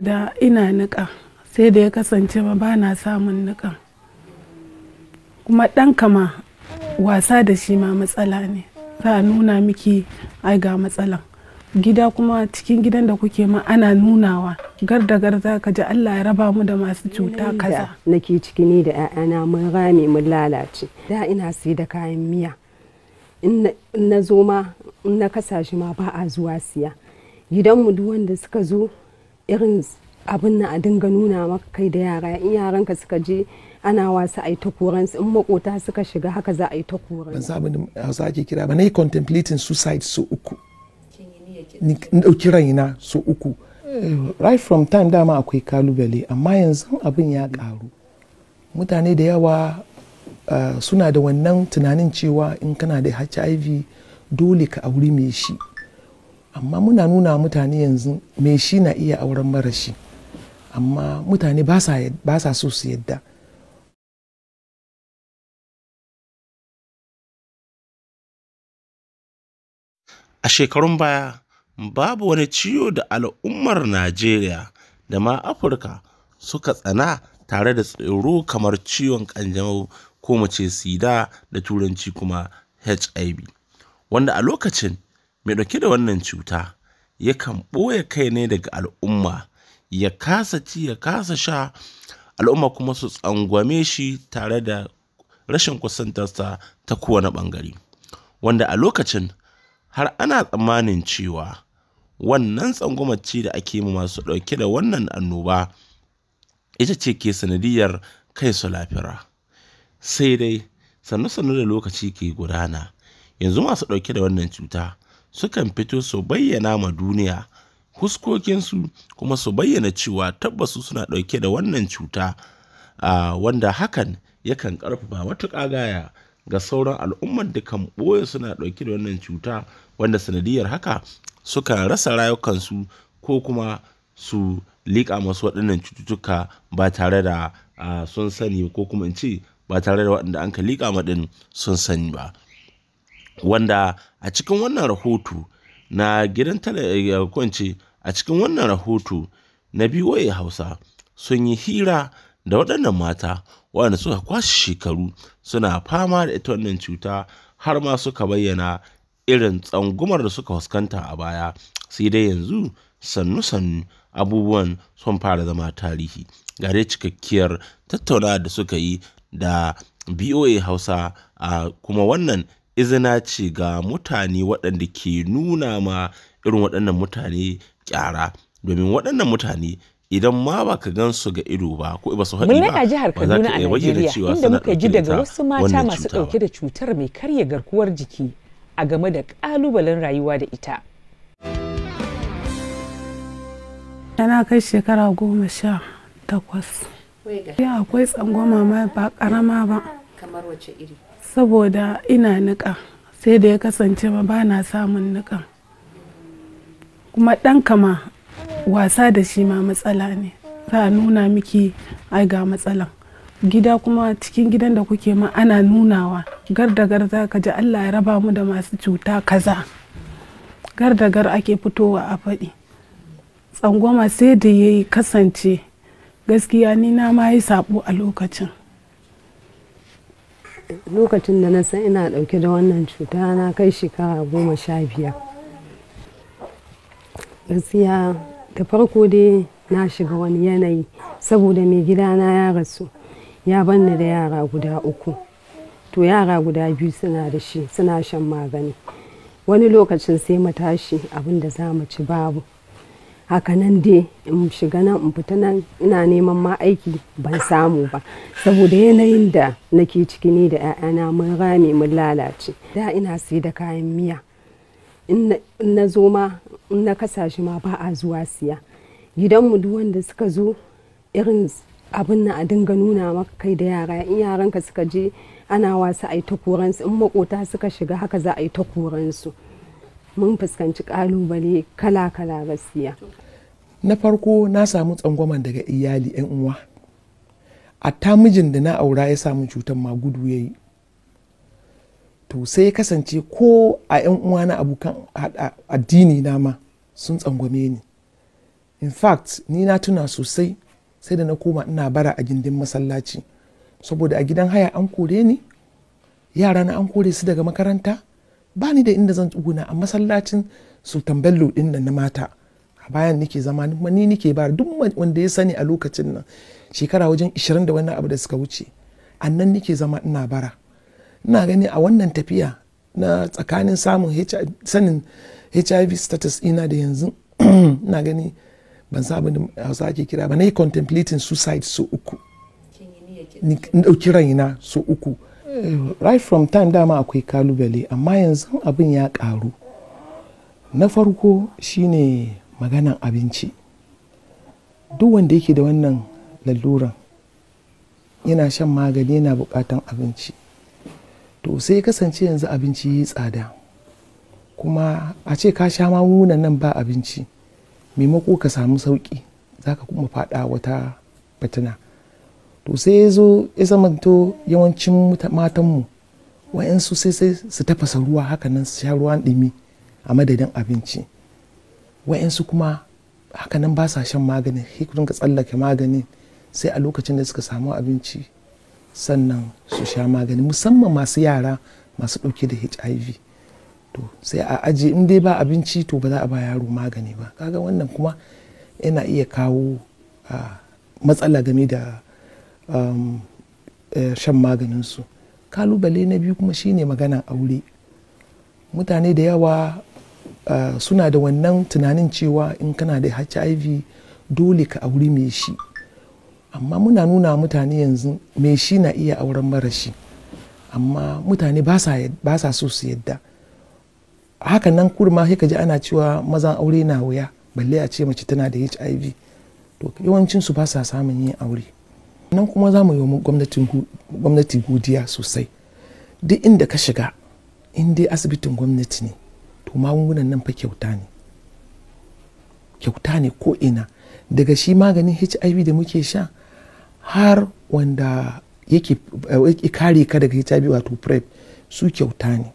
da ina nika sai da ya kasance ma ba na samun niƙa kuma ɗan kama wasa da shi ma matsala ne za nuna miki ai ga matsalan gida kuma cikin gidan da kuke ma ana nunawa gar da gar za ka ji Allah ya raba mu da masu cuta kaza nake ciki ne da 'ya'yana mun rame mun lalace da ina sai da kayan miya in na zo ma in na kasashe ma ba a zuwa siya gidanmu duk wanda suka zo irin abin na a dinga nuna maka kai da yara in yaranka suka je ana wasa a yi ta koransu in makota suka shiga haka za a yi ta koran ban samu da hausa ake kira ba na yi contemplating suicide so uku ni ɗauki raina so uku right from time dama akwai kalubale amma yanzu abin ya karu mutane da yawa ah, suna da wannan tunanin cewa in kana da hiv dole ka auri mai shi amma muna nuna mutane yanzu me shi na iya auren marashi amma mutane ba sa so su yadda a shekarun baya babu wani ciwo da al'ummar najeriya da ma afirka suka tsana tare da tsoro kamar ciwon kanjamau ko mace sida da turanci kuma hiv wanda a lokacin mai ɗauke da wannan cuta yakan ɓoye kai ne daga al'umma ya kasa ci ya kasa sha al'umma kuma su tsangwame shi tare da rashin kusantarsa ta kowane ɓangare wanda a lokacin har ana tsammanin cewa wannan tsangwamaci da ake ma masu ɗauke da wannan annoba ita ce ke sanadiyar kai su lafira sai dai sannu sannu da lokaci ke gudana yanzu masu ɗauke da wannan cuta sukan fito su bayyana ma duniya huskokinsu kuma su bayyana cewa tabbas suna ɗauke da wannan cuta a wanda hakan yakan ƙarfafa matuƙa gaya ga sauran al'ummar da kan ɓoye suna ɗauke da wannan cuta wanda sanadiyar haka sukan rasa rayukansu ko kuma su liƙa masu waɗannan cututtuka ba tare da sun sani ko kuma in ce ba tare da waɗanda an ka liƙa maɗin sun sani ba. wanda a cikin wannan rahoto na gidan eh, kwance a cikin wannan rahoto na BOA Hausa sun yi hira da waɗannan mata waɗanda suka kwashe shekaru suna fama da ita wannan cuta har ma suka bayyana irin tsangumar da suka fuskanta a baya sai dai yanzu sannu-sannu abubuwan sun fara zama tarihi Gare cikakkiyar tattauna da suka yi da boa hausa a kuma wannan izina ce ga mutane waɗanda ke nuna ma irin waɗannan mutane kyara domin waɗannan mutane idan ma ba ka gan su ga ido ba ko ba su haɗi ba a jihar Kaduna a Najeriya inda muka ji daga wasu mata masu ɗauke da cutar mai karya garkuwar jiki a game da ƙalubalen rayuwa da ita. Tana kai shekara goma sha takwas. Ya akwai tsangwama ma ba ƙarama ba. kamar wace iri saboda ina niƙa sai da ya kasance ma ba na samun niƙan kuma ɗan kama wasa da shi ma matsala ne za a nuna miki ai ga matsalan gida kuma cikin gidan da kuke ma ana nunawa gar da gar za ka ji allah ya raba mu da masu cuta kaza gar da gar ake fitowa a faɗi tsangwama sai da ya kasance gaskiya ni na ma yi sabo a lokacin lokacin da na san ina dauke da wannan cuta na kai shekara goma sha biyar gaskiya da farko dai na shiga wani yanayi saboda mai gidana ya rasu ya banna da yara guda uku to yara guda biyu suna da shi suna shan magani wani lokacin sai mu tashi abin da za mu ci babu haka nan dai in shiga nan in fita nan ina neman ma aiki ban samu ba saboda yanayin da nake ciki ne da 'ya'yana mun rame mun lalace da ina sai da kayan miya in na zo ma in na kasa shi ma ba a zuwa siya gidanmu duk wanda suka zo irin abin na a dinga nuna maka kai da yara in yaranka suka je ana wasa a yi ta in makota suka shiga haka za a yi ta koransu mun fuskanci kalubale kala-kala gaskiya na farko na samu tsangwaman daga iyali 'yan uwa a ta mijin da na aura ya samu cutar ma gudu ya yi to sai ya kasance ko a 'yan uwa na abokan addini na ma sun tsangwame ni in fact ni na tuna sosai sai da na koma ina bara a gindin masallaci saboda a gidan haya an kore ni yara na an kore su daga makaranta ba ni da inda zan tsuguna a masallacin sultan bello din nan na mata a bayan nake zama ni nake bara duk wanda ya sani a lokacin nan shekara wajen 20 da wani abu da suka wuce annan nake zama ina bara ina gani a wannan tafiya na tsakanin samun sanin hiv status ina da yanzu ina gani ban sa da hausa ake kira ba na yi contemplating suicide so uku ni ɗauki raina so uku right from time dama akwai kalubale amma yanzu abin ya karu na farko shine maganan abinci duk wanda yake da wannan laluran yana shan magani yana bukatan abinci to sai kasance yanzu abinci yi tsada kuma a ce ka sha magungunan nan ba abinci maimako ka samu sauki za ka kuma fada wata fitina to sai ya zo ya zamanto yawancin matanmu wa'yansu sai sai su tafasa ruwa haka su sha ruwan ɗumi a madadin abinci wa'yansu kuma hakanan nan ba sa shan magani sai ka tsallake magani sai a lokacin da suka samu abinci sannan su sha magani musamman masu yara masu ɗauke da hiv to sai a aje in dai ba abinci to ba za a ba yaro magani ba kaga wannan kuma yana iya kawo ah, matsala game da Um, eh, shan maganinsu kalubale na biyu kuma shine maganan aure mutane da yawa uh, suna da wannan tunanin cewa in kana da hiv dole ka auri mai shi amma muna nuna mutane yanzu mai shi na iya auren mara shi amma mutane ba sa so su yadda hakan nan kurma sai ka ji ana cewa mazan aure na wuya balle a ce mace tana da hiv to yawancinsu ba sa samun yin aure nan kuma za mu yi wa gwamnati godiya sosai duk inda ka shiga in dai asibitin gwamnati ne to magungunan nan fa kyauta ne kyauta ne ko ina daga shi maganin hiv da muke sha har wanda yake kare ka daga hiv wato prep su kyauta ne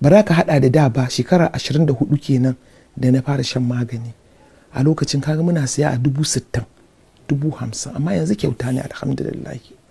ba za ka hada da da ba shekara 24 kenan da na fara shan magani a lokacin kaga muna siya a dubu sittin dubu hamsin amma yanzu kyauta ne alhamdulillahi